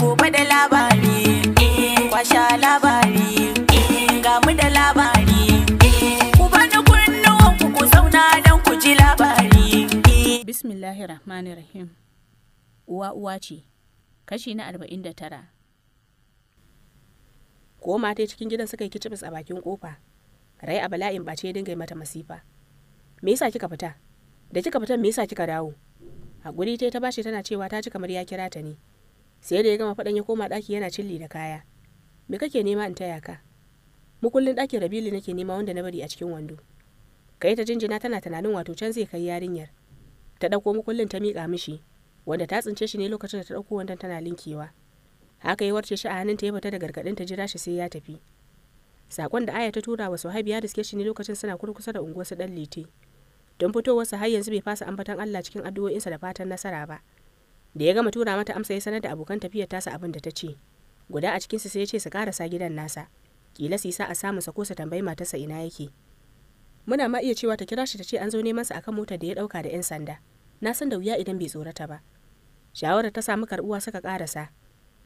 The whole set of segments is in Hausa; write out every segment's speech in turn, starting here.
Gobe da labari, eh, kwasha labari, eh, ga da labari. Eh, ku bani kunnuwan ku zauna don ku ji labari. Bismillahirrahmanirrahim. Uwa uwa ce, kashi na arba'in da tara. Ko mata cikin gidan suka yi kicibis a bakin kofa, rai a bala'in ɓace ya dinga yi mata masifa. Me yasa kika fita? Da kika fita me yasa kika dawo? A guri ta bashi tana cewa ta ji kamar ya kira ta ne. sai da ya gama faɗan ya koma ɗaki yana cilli da kaya me kake nema in taya ka mukullin ɗakin rabili nake nema wanda na bari a cikin wando kai ta jinjina tana tunanin wato can zai kai yarinyar ta ɗauko mukullin ta miƙa mishi wanda ta tsince shi ne lokacin da ta ɗauko wandon tana linkewa haka ya warce shi a hannunta ya fita da gargaɗin ta jira shi sai ya tafi sakon da aya ta tura wa suhaib ya riske shi ne lokacin suna kurkusa da su ɗan lite don fitowarsa har yanzu bai fasa ambaton allah cikin addu'o'insa da fatan nasara ba da ya gama tura mata amsa ya sanar da abokan tafiyar tasa abin da ta ce guda a cikinsu sai ya ce su karasa gidan nasa kila su yi sa a samu sa ko su tambayi matarsa ina yake muna ma iya cewa ta kira shi ta ce an zo neman sa akan motar da ya dauka da yan sanda na san da wuya idan bai tsorata ba shawarar ta samu karbuwa suka karasa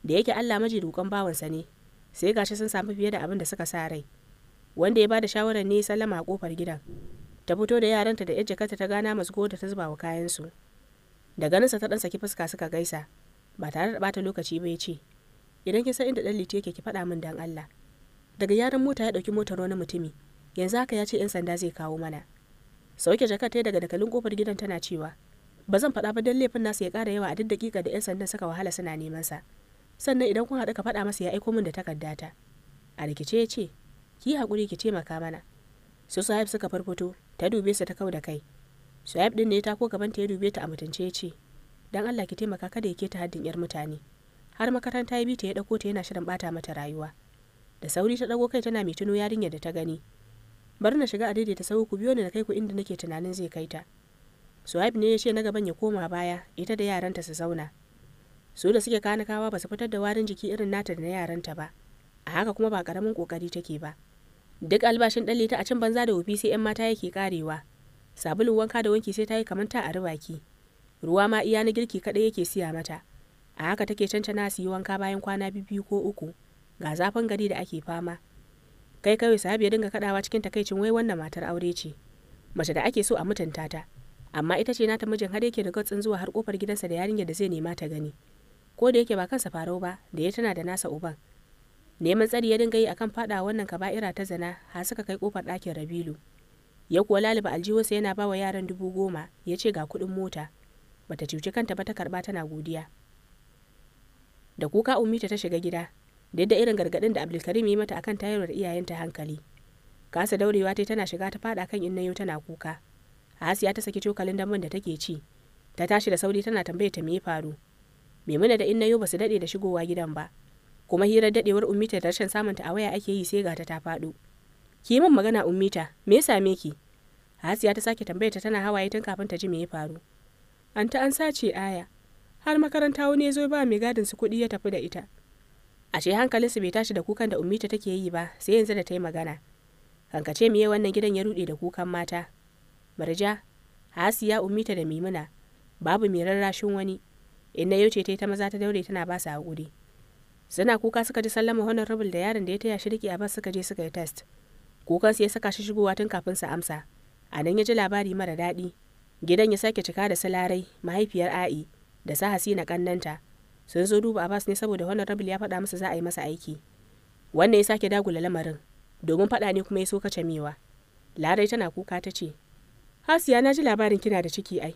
da yake Allah maji dukan bawansa ne sai gashi sun samu fiye da abin da suka sa rai wanda ya bada shawarar ne sallama a kofar gidan ta fito da yaranta da yar jakarta ta gana masu da ta zuba wa kayan su da sa ta ɗan saki fuska suka gaisa ba tare da bata lokaci ba ya ce idan kin san inda ɗan liti yake ki faɗa min dan Allah daga yaran mota ya ɗauki motar wani mutumi yanzu haka ya ce 'yan sanda zai kawo mana sauke jakar ta daga dakalin kofar gidan tana cewa ba zan faɗa ba dan laifin nasa ya ƙara yawa a duk dakika da 'yan sandan suka wahala suna neman sa sannan idan kun haɗu ka faɗa masa ya aiko min da ta. a rikice ya ce ki hakuri, ki taimaka mana su sahib suka farfoto ta dube su ta kau da kai Shu'aib din ne ta ko gaban ta ya dube ta a mutunce ya ce, "Dan Allah ki taimaka kada ya keta haddin yar mutane." Har makaranta ya bi ta ya dauko ta yana shirin bata mata rayuwa. Da sauri ta dago kai tana mai tuno yarinyar da ta gani. Bari na shiga a daidaita sau ku biyo ni na kai ku inda nake tunanin zai kai ta. Shu'aib ne ya ce na gaban ya koma baya, ita da yaranta su zauna. Su da suke kanakawa ba su fitar da warin jiki irin nata da na yaranta ba. A haka kuma ba karamin kokari take ba. Duk albashin ɗan ta a cin banza da wofi sai 'yan mata yake karewa. sabulun wanka da wanki sai ta yi kamar ta a ki ruwa ma iya na girki kaɗai yake siya mata a haka take cancana su yi wanka bayan kwana biyu ko uku ga zafin gari da ake fama kai kawai sahabi ya dinga kaɗawa cikin takaicin wai wannan matar aure ce mace da ake so a mutunta ta amma ita ce nata mijin har yake da gatsin zuwa har kofar gidansa da yarinyar da zai nema ta gani ko da yake ba kansa farau ba da ya tana da nasa uban neman tsari ya dinga yi akan faɗa wannan kaba'ira ta zana har suka kai kofar ɗakin rabilu ya kuwa laliba aljihunsa yana ba wa yaran dubu goma ya ce ga kuɗin mota bata cuci kanta ba ta karɓa tana godiya da kuka umita ta shiga gida da yadda irin gargaɗin da abdulkarim yi mata akan tayarwar iyayenta hankali kasa daurewa ta tana shiga ta faɗa kan innayo tana kuka Asiya ta saki cokalin damban da take ci ta tashi da sauri tana tambaye ta me ya faru maimuna da innayo ba su daɗe da shigowa gidan ba kuma hirar daɗewar umita da rashin samunta a waya ake yi sai ga ta ta faɗo ki yi min magana ummita me ya same ki hasiya ta sake tambayar ta tana hawaye tun kafin ta ji me ya faru an ta an sace aya har makaranta wani ya zo ba mai gadin su kuɗi ya tafi da ita ashe hankalinsu bai tashi da kukan da ummita take yi ba sai yanzu da ta yi magana kankace miye wannan gidan ya ruɗe da kukan mata marja hasiya ummita da mimuna babu mai rarrashin wani inna yau yauce ta yi ta maza ta daure tana ba su haƙuri suna kuka suka ji sallama honorable da yaron da ya taya shi riƙe a suka je suka yi test kukansu ya saka shi shigowa tun kafin sa amsa a nan ya ji labari mara daɗi gidan ya sake cika da salarai mahaifiyar a'i da sa hasina kannanta sun zo duba abbas ne saboda wannan rabil ya faɗa masa za a yi masa aiki wannan ya sake dagula lamarin domin faɗa ne kuma ya so kace mewa larai tana kuka ta ce hasiya na ji labarin kina da ciki ai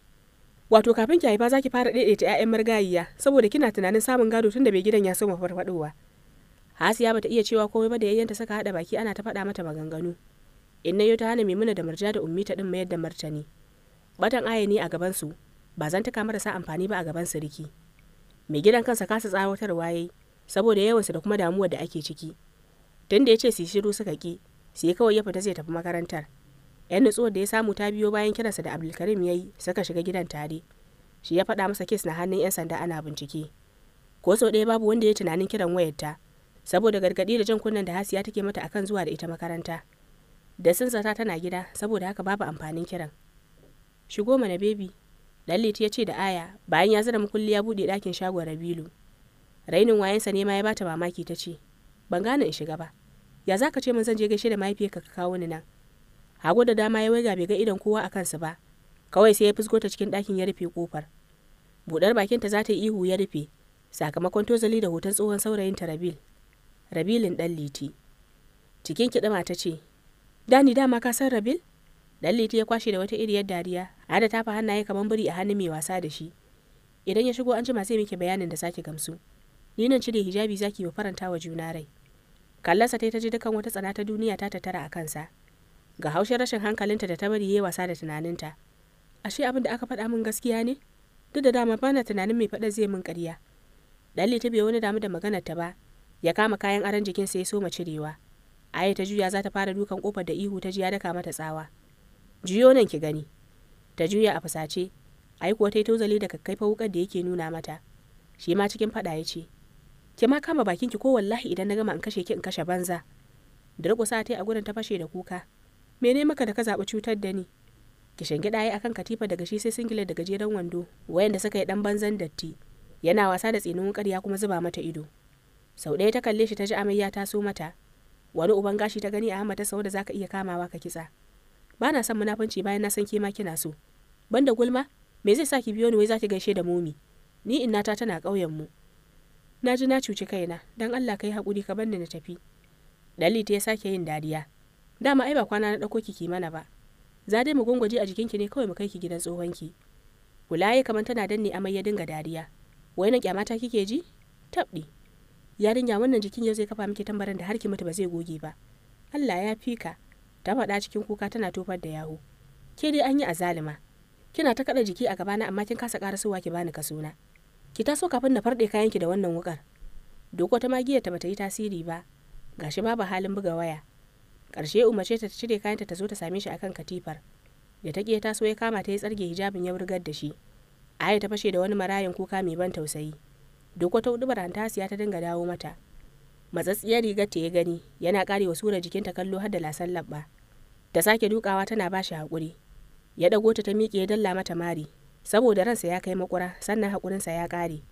wato kafin ki haifa za ki fara daidaita 'ya'yan margayiya saboda kina tunanin samun gado tun da bai gidan ya ma farfadowa hasiya bata iya cewa komai ba da yayyanta saka hada baki ana ta faɗa mata maganganu inna ta hana maimuna da murja da ummi ta din mayar da martani batan aya ne a gaban su ba zan taka marasa amfani ba a gaban su riki mai gidan kansa kasa tsawatarwa yayi saboda yawansu da kuma damuwar da ake ciki tun da ya ce su shiru suka ki sai kawai ya fita zai tafi makarantar yan nutsuwar da ya samu ta biyo bayan kiransa da abdulkarim ya yi suka shiga gidan tare shi ya faɗa masa kes na hannun yan sanda ana bincike ko sau ɗaya babu wanda ya tunanin kiran wayarta saboda gargaɗi da jan kunnen da hasiya take mata kan zuwa da ita makaranta da sun zata tana gida saboda haka babu amfanin kiran shigo mana bebi lalliti ya ce da aya bayan ya zira mukulli ya buɗe ɗakin shagon rabilu rainin wayansa ne ma ya bata mamaki ta ce ban gane in shiga ba ya zaka ce min zan je gaishe da mahaifiyarka ka kawo ni nan Hago da dama ya waiga bai ga idan kowa a kansu ba kawai sai ya fusgo ta cikin ɗakin ya rufe kofar buɗar bakinta za ta yi ihu ya rufe sakamakon tozali da hoton tsohon saurayinta Rabil. Rabilin ɗan liti. Cikin kiɗima ta ce, Dani dama ka san Rabil? Ɗan liti ya kwashe da wata iriyar dariya, a da tafa hannaye kamar biri a hannun mai wasa da shi. Idan ya shigo an jima sai muke bayanin da sake gamsu. Ni nan cire hijabi zaki ba faranta wa juna rai. Kallansa ta ji dukan wata tsana ta duniya ta tattara a kansa. Ga haushin rashin hankalinta da ta bari yayi wasa da tunaninta. Ashe abin da aka faɗa min gaskiya ne? Duk da dama bana tunanin mai faɗa zai min ƙarya. Dalli ta bai wani damu da maganar ta ba, ya kama kayan aron jikin ya soma cirewa aya ta juya za ta fara dukan kofar da ihu ta ji ya daka mata tsawa juyo nan ki gani ta juya a fusace ai kuwa ta yi tozali da kakkaifa wukar da yake nuna mata shi ma cikin fada ya ce ki ma kama bakin ki ko wallahi idan na gama in kashe ki in kashe banza da rukusa ta yi a gurin ta fashe da kuka mene maka da ka zaɓi cutar da ni ki gida ɗaya akan katifa daga shi sai singila daga gajeren wando wayanda suka yi ɗan banzan datti yana wasa da tsinin wukar kuma zuba mata ido sau ɗaya ta kalle shi ta ji amai ya taso mata wani uban gashi ta gani a hama ta sau da zaka iya kamawa ka kitsa ba na son munafunci bayan na san kima kina so banda gulma me zai sa ki biyo ni wai zaki gaishe da momi ni inna ta tana ƙauyen mu na ji na cuci kaina dan Allah kai hakuri ka banda na tafi ta ya sake yin dariya dama ai ba kwana na ɗauko ki mana ba za dai mu gungwaje a jikinki ne kawai mu kai ki gidan tsohonki kula ya kaman tana danne amai ya dinga dariya wai na kyamata kike ji Tabdi. yarinya wannan jikin yau zai kafa miki tambarin da harki mutu ba zai goge ba Allah ya fi ka ta faɗa cikin kuka tana tofar da yahu ke dai an yi azalima kina ta kaɗa jiki a gabana amma kin kasa karasowa ki bani kasuna. ki taso kafin na farɗe kayanki da wannan wukar doko ta magiyar ta bata yi tasiri ba gashi babu halin buga waya ƙarshe umarce ta cire kayanta ta zo ta same shi akan katifar da ta ƙiya so ya kama ta ya tsarge hijabin ya wurgar da shi aya ta fashe da wani marayan kuka mai ban tausayi duk wata baran antasiya ta dinga dawo mata matsatsiyar rigar ta ya gani yana karewa sura jikinta kallo har da lasan labba ta sake dukawa tana ba shi haƙuri ya ɗago ta ta miƙe ya dalla mata mari saboda ransa ya kai makura sannan haƙurinsa ya kare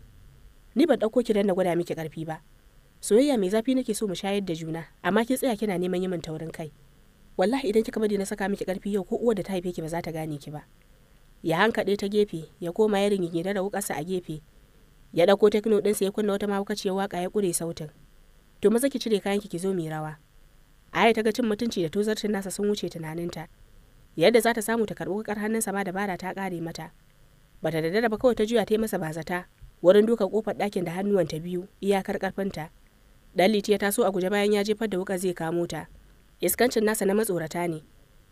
ni ban ɗauko ki dan na gwada miki karfi ba soyayya mai zafi nake so mu shayar da juna amma ki tsaya kina neman yi min taurin kai wallahi idan kika bari na saka miki karfi yau ko uwar da ta haife ki ba za ta gane ki ba ya hankaɗe ta gefe ya koma ya ringige da wukarsa a gefe ya ɗauko tekno ɗinsa ya kunna wata ce waka ya ƙure sautin to maza ki cire kayan ki zo mu rawa aya ta ga cin mutunci da tozartin nasa sun wuce tunaninta yadda za ta samu ta karɓi wukar hannunsa ma dabara ta kare mata bata da dare ba kawai ta juya ta yi masa bazata wurin duka kofar ɗakin da hannuwan ta biyu iyakar ƙarfinta dan liti ya taso a guje bayan ya jefar da wuka zai kamo ta iskancin nasa na matsorata ne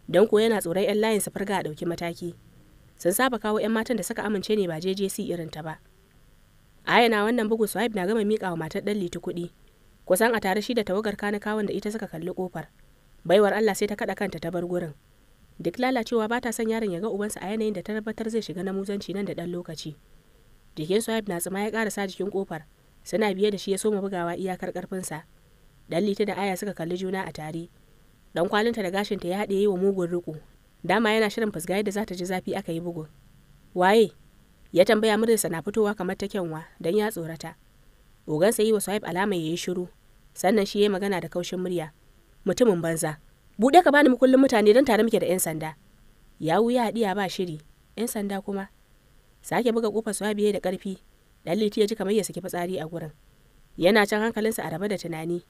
don ko yana tsoron 'yan layin farga a ɗauki mataki sun saba kawo 'yan matan da suka amince ne ba su irin ta ba a yana wannan bugu swipe na gama miƙa wa matar ɗan litu kuɗi kusan a tare shi da tawagar kanikawan da ita suka kalli kofar baiwar allah sai ta kaɗa kanta ta bar gurin duk lalacewa ba ta son yaron ya ga ubansa a yanayin da ta tabbatar zai shiga na muzanci nan da ɗan lokaci jikin swipe na tsima ya sa jikin kofar suna biye da shi ya soma bugawa iyakar ƙarfinsa ɗan litu da aya suka kalli juna a tare dan kwalinta da gashinta ya haɗe yi wa mugun riko dama yana shirin fusga da za ta ji zafi aka yi bugun waye ya tambaya murinsa na fitowa kamar ta kyanwa don ya tsorata ogansa yi wa sahib alama ya yi shiru sannan shi ya yi magana da kaushin murya mutumin banza buɗe ka bani mukullin mutane don tare muke da 'yan sanda ya wuya haɗiya ba shiri 'yan sanda kuma sake buga kofar yi da ƙarfi dan ya ji kamar ya saki fitsari a gurin yana can hankalinsa a raba da tunani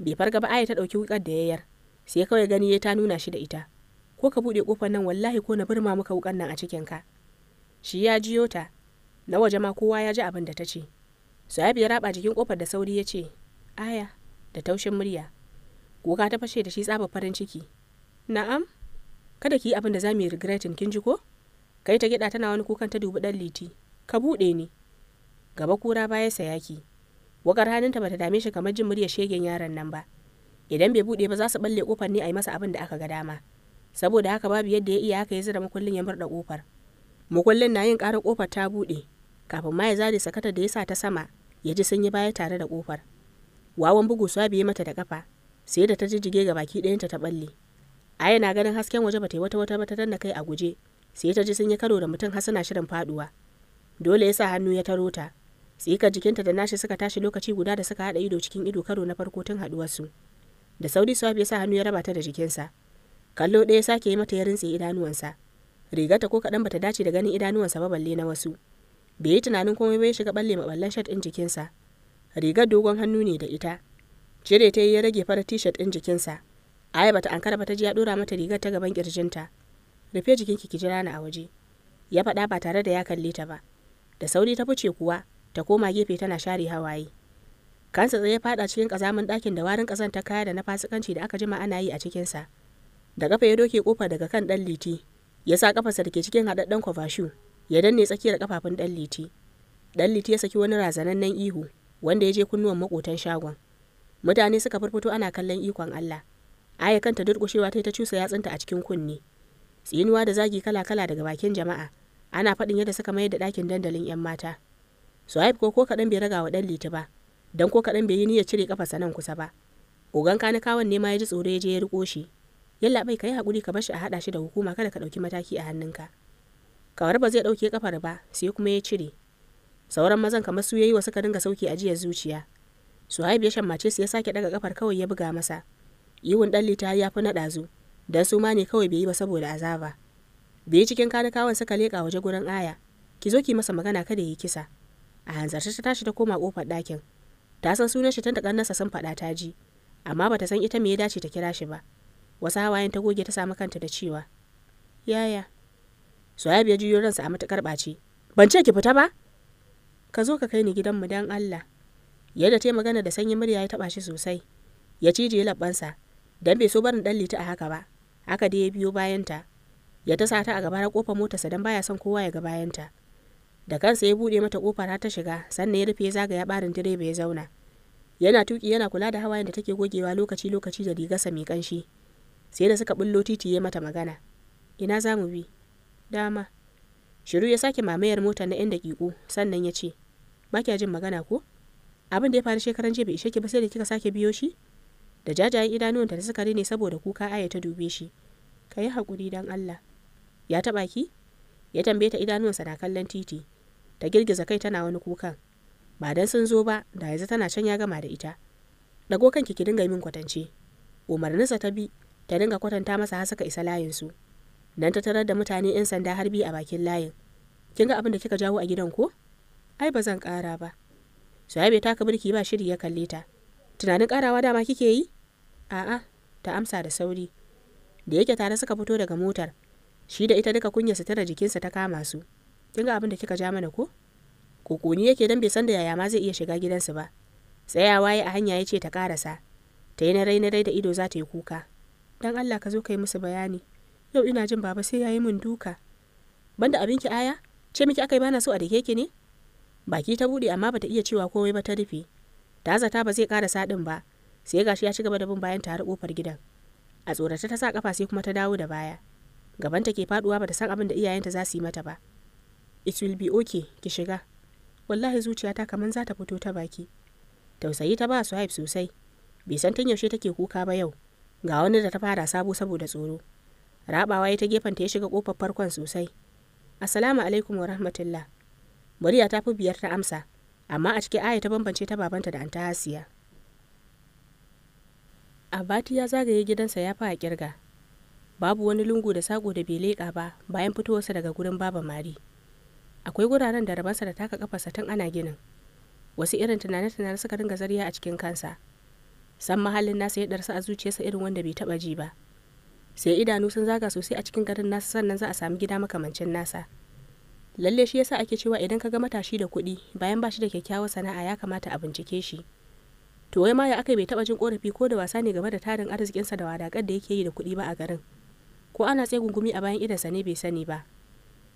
bai farga ba aya ta ɗauki wukar da yayar sai kawai gani ya ta nuna shi da ita ko ka buɗe kofar nan wallahi ko na birma muka wukan nan a cikin ka shi ya jiyo ta na waje ma kowa ya ji abin da ta ce su ya raba jikin kofar da sauri ya ce aya da taushin murya kuka ta fashe da shi tsaba farin ciki na'am kada ki yi abin da za mu yi regretin kin ji ko kai ta gida tana wani kukan ta dubi dan liti ka buɗe ni gaba kura baya sayaki wakar hannunta bata dame shi kamar jin muryar shegen yaron nan ba idan bai buɗe ba za su balle kofar ne a yi masa abin da aka ga dama saboda haka babu yadda ya iya haka ya zira makullin ya murɗa kofar mukullin na yin ƙara ƙofar ta buɗe kafin ma ya zare sakata da ya sa ta sama ya ji sun yi baya tare da ƙofar wawan bugu sa biye mata da ƙafa sai da ta jijjige ga baki ɗayanta ta ɓalle. aya na ganin hasken waje bata yi wata wata ba ta danna kai a guje sai ta ji sun yi karo da mutum har shirin faduwa dole ya sa hannu ya taro ta tsikar jikinta da nashi suka tashi lokaci guda da suka haɗa ido cikin ido karo na farko tun haɗuwarsu da sauri swab ya sa hannu ya raba ta da jikinsa kallo ɗaya ya sake yi mata ya rintse idanuwansa rigarta ko kaɗan bata dace da ganin idanuwansa ba balle na wasu bai yi tunanin komai bai shiga balle maballan shirt ɗin jikinsa rigar dogon hannu ne da ita cire ta yi ya rage fara t-shirt ɗin jikinsa aya bata ankara ba ta ji ya ɗora mata rigar ta gaban kirjinta rufe jikinki ki jira ni a waje ya faɗa ba tare da ya kalle ta ba da sauri ta fice kuwa ta koma gefe tana share hawaye kansa tsaye faɗa cikin ƙazamin ɗakin da warin ƙazan kaya da na fasikanci da aka jima ana yi a cikinsa da kafa ya doke kofa daga kan ɗan liti ya sa kafarsa da ke cikin haɗaɗɗen kwafashu ya danne tsakiyar kafafun ɗan liti ɗan liti ya saki wani razanannen ihu wanda ya je kunnuwan makotan shagon mutane suka furfuto ana kallon ikon allah aya kanta durƙushewa ta yi ta cusa yatsunta a cikin kunne tsinuwa da zagi kala-kala daga bakin jama'a ana faɗin yadda suka mayar da ɗakin dandalin 'yan mata Su ko ko kaɗan bai raga wa ɗan liti ba don ko kaɗan bai yi niyyar cire kafarsa nan kusa ba ogan kanikawan ne ma ya ji tsoro ya je ya riƙo shi yallaɓai ka yi hakuri ka bashi a haɗa shi da hukuma kada ka ɗauki mataki a hannunka kawar ba zai ɗauke kafar ba sai kuma ya cire sauran mazan kamar su yayi wa suka dinga sauki a jiyar zuciya haibe ya mace su ya sake daga kafar kawai ya buga masa yiwun ɗan lita ya fi nada zu da su ma ne kawai bai yi ba saboda azaba yi cikin kanikawan suka leƙa waje gurin aya ki zo ki masa magana kada yi kisa a hanzarta ta tashi ta koma kofar dakin ta san sunan shi tun da ƙannarsa sun faɗa ta ji amma bata san ita me ya dace ta kira shi ba wasu hawayen ta goge ta samu kanta da cewa yaya soyab ya juyo ransa a matuƙar ɓace ban ce ki fita ba ka zo ka kai ni gidanmu don allah yadda ta yi magana da sanyin murya ya taɓa shi sosai ya cije labbansa Dan bai so barin ɗan lita a haka ba haka dai ya biyo bayanta ya ta sata a gaba na kofar motarsa don baya son kowa ya ga bayanta da kansa ya buɗe mata kofar har ta shiga sannan ya rufe ya zagaya barin direba ya zauna yana tuki yana kula da hawayen da take gogewa lokaci lokaci da rigarsa mai kanshi sai da suka bullo titi ya mata magana ina za mu bi dama shiru ya sake mamayar mota na 'yan dakiko. sannan ya ce ba kya jin magana ko abin da ya faru shekaran jiya bai ishe ki ba sai da kika sake biyo shi da jajayen idanuwan ta suka rine saboda kuka aya ta dube shi ka yi haƙuri don allah ya taɓa ki ya tambaye ta idanuwansa na kallon titi ta girgiza kai tana wani kukan ba dan sun zo ba da yanzu tana can ya gama da ita dago kanki ki dinga min kwatance umarninsa ta bi ta dinga kwatanta masa har suka isa layin su. nan ta tarar da mutane 'yan sanda har biyu a bakin layin kin ga abin da kika jawo a gidan ko ai ba zan kara ba Suhaib ta taka birki ba shiri ya kalle ta tunanin karawa dama kike yi a'a ta amsa da sauri da yake tare suka fito daga motar shi da ita duka kunya sutura jikinsa ta kama su kin ga abin da kika ja mana ko kokoni yake dan bai san da yaya ma zai iya shiga gidansu ba tsayawa ya a hanya ya ce ta karasa ta yi na rai na rai da ido za ta yi kuka Dan Allah ka zo ka yi musu bayani yau ina jin baba sai ya yi min duka banda abin ki aya ce miki aka yi bana so a dake ki ne baki ta bude amma bata iya cewa komai ba ta rufe ta zata ba zai ƙara sadin ba sai gashi ya ci gaba da bin bayan ta kofar gidan a tsorata ta sa kafa sai kuma ta dawo da baya gabanta ke faduwa bata san abin da iyayenta za su yi mata ba it will be okay ki shiga wallahi zuciyata kaman za ta fito ta baki tausayi ta ba su haif sosai bai san tun yaushe take kuka ba yau ga wani da ta fara sabo saboda tsoro rabawa ya ta gefen ta ya shiga kofar farkon sosai assalamu alaikum wa rahmatullah murya ta fi biyar ta amsa amma a cikin aya ta bambance ta babanta da anta hasiya abati ya zagaye gidansa ya fa kirga babu wani lungu da sako da bai leƙa ba bayan fitowarsa daga gurin baba mari akwai guraren da rabansa da taka kafarsa tun ana ginin wasu irin tunane-tunane suka ringa zariya a cikin kansa san mahallin nasa ya darsa a zuciyarsa irin wanda bai taba ji ba sai idanu sun zaga sosai a cikin garin nasa sannan za a sami gida makamancin nasa lalle shi yasa ake cewa idan ka ga matashi da kuɗi bayan ba shi da kyakkyawar sana'a ya kamata a bincike shi to wai ma ya aka bai taba jin korafi ko da wasa ne game da tarin arzikinsa da wadakar da yake yi da kuɗi ba a garin ko ana tsaye gungumi a bayan idansa ne bai sani ba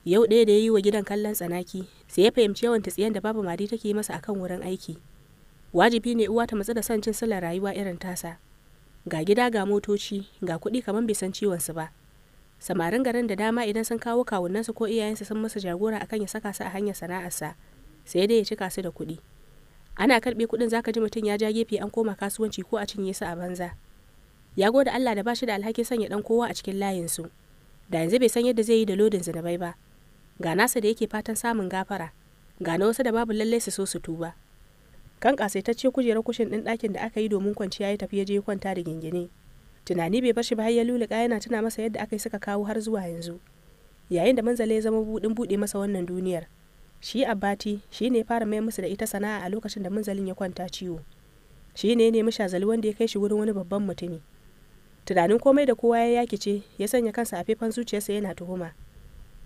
yau ɗaya da ya yi wa gidan kallon tsanaki sai ya fahimci yawan tsiyan da babu mari take yi masa akan wurin aiki wajibi ne uwa ta matsa da son cin salar rayuwa irin tasa ga gida ga motoci ga kuɗi kamar bai san ciwon su ba samarin garin da dama idan sun kawo kawunansu ko iyayensu sun masa jagora akan ya saka su a hanyar sana'arsa sai dai ya cika su da kuɗi ana karɓe kuɗin zaka ji mutum ya ja gefe an koma kasuwanci ko a cinye su a banza ya gode Allah da bashi da alhakin sanya dan kowa a cikin layinsu da yanzu bai san yadda zai yi da lodin zinabai ba ga nasa da yake fatan samun gafara ga na wasu da babu lallai su so su tuba kan kasaitacce kujerar kushin din ɗakin da aka yi domin kwanciya ya tafi ya je kwanta da gingine tunani bai bashi ba har ya luluka yana tuna masa yadda aka yi suka kawo har zuwa yanzu yayin da manzale ya zama buɗin buɗe masa wannan duniyar shi abbati shi ne fara mai musu da ita sana'a a lokacin da manzalin ya kwanta ciwo shi ne ya nemi shazali wanda ya kai shi wurin wani babban mutumi tunanin komai da kowa ya yaki ce, ya sanya kansa a faifan zuciyarsa yana tuhuma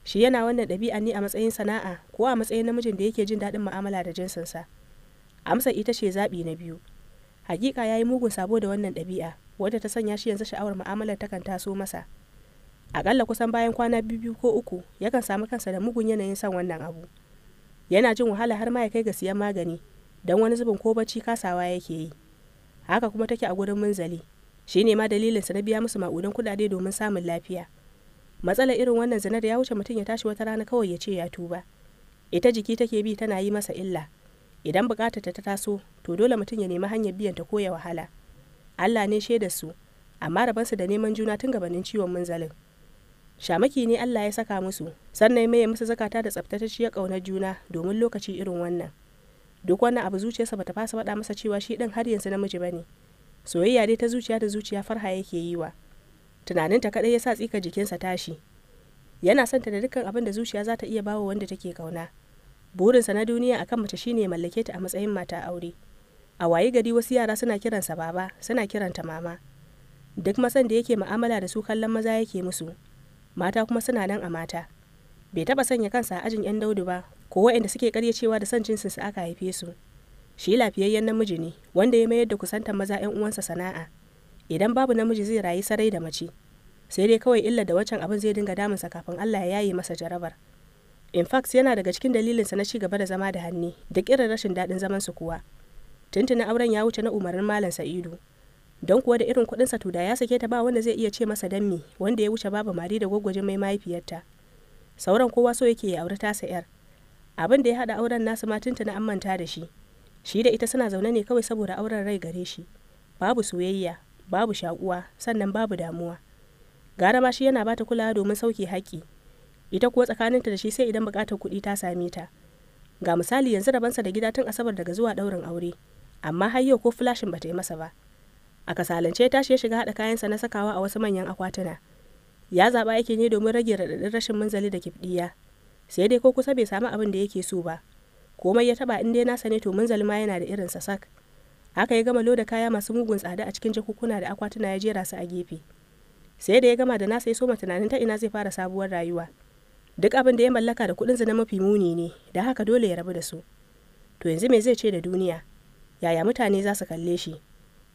shi yana wannan ɗabi'a ne a matsayin sana'a ko a matsayin namijin da yake jin daɗin mu'amala da jinsinsa. Amsa ita ce zaɓi na biyu hakika ya yi mugun sabo da wannan ɗabi'a wadda ta sanya shi yanzu sha'awar mu'amalar takan taso masa akalla kusan bayan kwana biyu ko uku yakan samu kansa da mugun yanayin son wannan abu yana jin wahala har ma ya kai ga siyan magani don wani zubin ko bacci kasawa yake yi haka kuma take a gurin munzali shi ne ma dalilin sa na biya musu ma'udan kuɗaɗe domin samun lafiya matsalar irin wannan zinar ya wuce mutum ya tashi wata rana kawai ya ce ya tuba ita jiki take bi tana yi masa illa idan bukatar ta taso to dole mutum ya nemi hanyar biyan ta koya wahala Allah ne shaida su amma rabansu da neman juna tun gabanin ciwon munzalin shamaki ne Allah ya saka musu sannan mai musu zakata da tsaftatacciyar ƙaunar juna domin lokaci irin wannan duk wannan abu zuciyarsa bata fasa faɗa masa cewa shi ɗin har yanzu namiji ba ne. soyayya dai ta zuciya da zuciya farha yake yi wa tunanin ta kaɗai ya sa tsika jikinsa tashi yana santa da dukkan abin da zuciya za ta iya bawa wanda take ƙauna. burinsa na duniya akan mace shine mallake ta a matsayin mata aure a waye gari wasu yara suna kiransa baba suna kiranta mama duk masan da yake ma'amala da su kallon maza yake musu mata kuma suna nan a mata bai taba sanya kansa a ajin yan daudu ba ko waɗanda suke karyacewa da son jinsinsu aka haife su shi lafiyayyen namiji ne wanda ya mayar da kusantar maza yan uwansa sana'a idan babu namiji zai rayu sarai da mace sai dai kawai illa da wancan abin zai dinga damunsa kafin Allah ya yaye masa jarabar fact yana daga cikin dalilinsa na cigaba da zama da hannu da kiran rashin daɗin zamansu kuwa tuntunan auren ya wuce na umarnin malam sa'idu don kuwa da irin kuɗinsa to da ya sake ta ba wanda zai iya ce masa dammi wanda ya wuce babu mari da gwaggwajin mai mahaifiyarta sauran kowa so yake ya aure tasa yar abin da ya haɗa auren nasu ma tuntuna an manta da shi shi da ita suna zaune ne kawai saboda auren rai gare shi babu soyayya babu shakuwa sannan babu damuwa gara ma shi yana bata kulawa domin sauke haƙƙi. ita ko tsakaninta da shi sai idan bukatar kuɗi ta same ta ga misali yanzu rabansa da gida tun asabar daga zuwa ɗaurin aure amma har yau ko flashin bata yi masa ba a kasalance tashi ya shiga haɗa kayansa na sakawa a wasu manyan akwatuna ya zaɓa yake ne domin rage raɗaɗin rashin munzali da kifɗiya. sai dai ko kusa bai samu abin da yake so ba komai ya taɓa in dai nasa ne to munzali ma yana da irinsa sak haka ya gama loda kaya masu mugun tsada a cikin jakukuna da akwatuna ya jera su a gefe sai da ya gama da nasa ya soma tunanin ta ina zai fara sabuwar rayuwa duk abin da ya mallaka da kuɗinsa na mafi muni ne da haka dole ya rabu da su to yanzu me zai ce da duniya yaya mutane za su kalle shi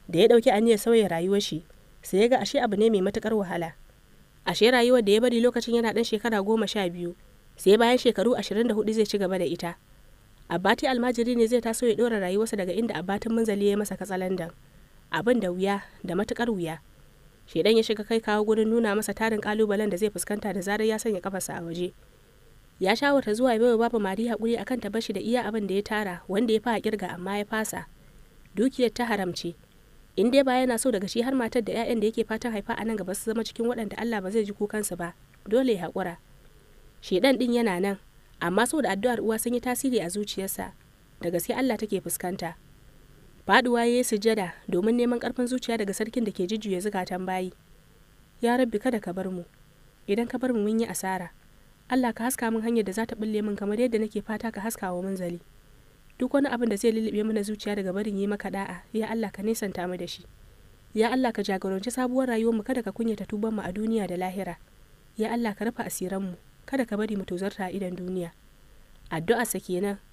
da ya ɗauki aniyar sauya rayuwar shi sai ya ga ashe abu ne mai matukar wahala ashe rayuwar da ya bari lokacin yana dan shekara goma sha biyu sai bayan shekaru ashirin da hudu zai ci gaba da ita abati almajiri ne zai taso ya ɗora rayuwarsa daga inda abatin munzali ya masa katsalandan abin da wuya da matukar wuya shedan ya shiga kai kawo gurin nuna masa tarin kalubalen da zai fuskanta da zarar ya sanya kafarsa a waje ya shawarta zuwa ya baiwa babu mari hakuri a kan bashi da iya abin da ya tara wanda ya fa kirga amma ya fasa dukiyar ta haramci. in dai ba yana so daga shi har matar da 'ya'yan da yake fatan haifa a nan gaba su zama cikin waɗanda Allah ba zai ji kukansu ba dole ya haƙura shedan din yana nan amma da addu'ar uwa sun yi tasiri a zuciyarsa da gaske Allah take fuskanta faduwa ya yi sujada domin neman karfin zuciya daga sarkin da ke jujjuya zukatan bayi ya rabbi kada ka bar mu idan ka bar mu mun yi asara allah ka haska min hanyar da za ta bulle min kamar yadda nake fata ka haska wa zali. duk wani abin da zai lullube mana zuciya daga barin yi maka da'a ya allah ka nesanta mu da shi ya allah ka jagoranci sabuwar rayuwar mu kada ka kunyata tuban mu a duniya da lahira ya allah ka rufe asiran mu kada ka bari mu tozarta a idan duniya addu'a sa kenan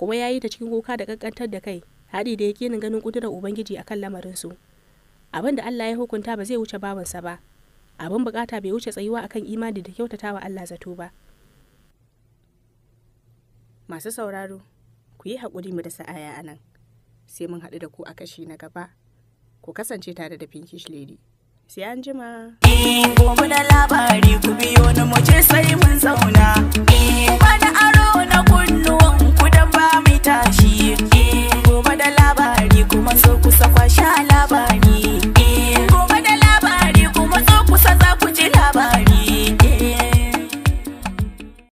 kuma ya yi ta cikin kuka da kankantar da kai haɗi da yakinin ganin ƙudurar ubangiji akan lamarin su abin da allah ya hukunta ba zai wuce bawansa ba abin bukata bai wuce tsayuwa akan imani da kyautata wa allah zato ba masu sauraro ku yi haƙuri mu da sa'aya a nan sai mun haɗu da ku a kashi na gaba ku kasance tare da pinkish lady sai an jima. Eh, da labari ku biyo na mu je sai mun zauna. Eh, aro na kunnu. maraba mai tashi eh, gobe da labari kuma so kusa kwasha labari eh, gobe da labari kuma so kusa za ku ji labari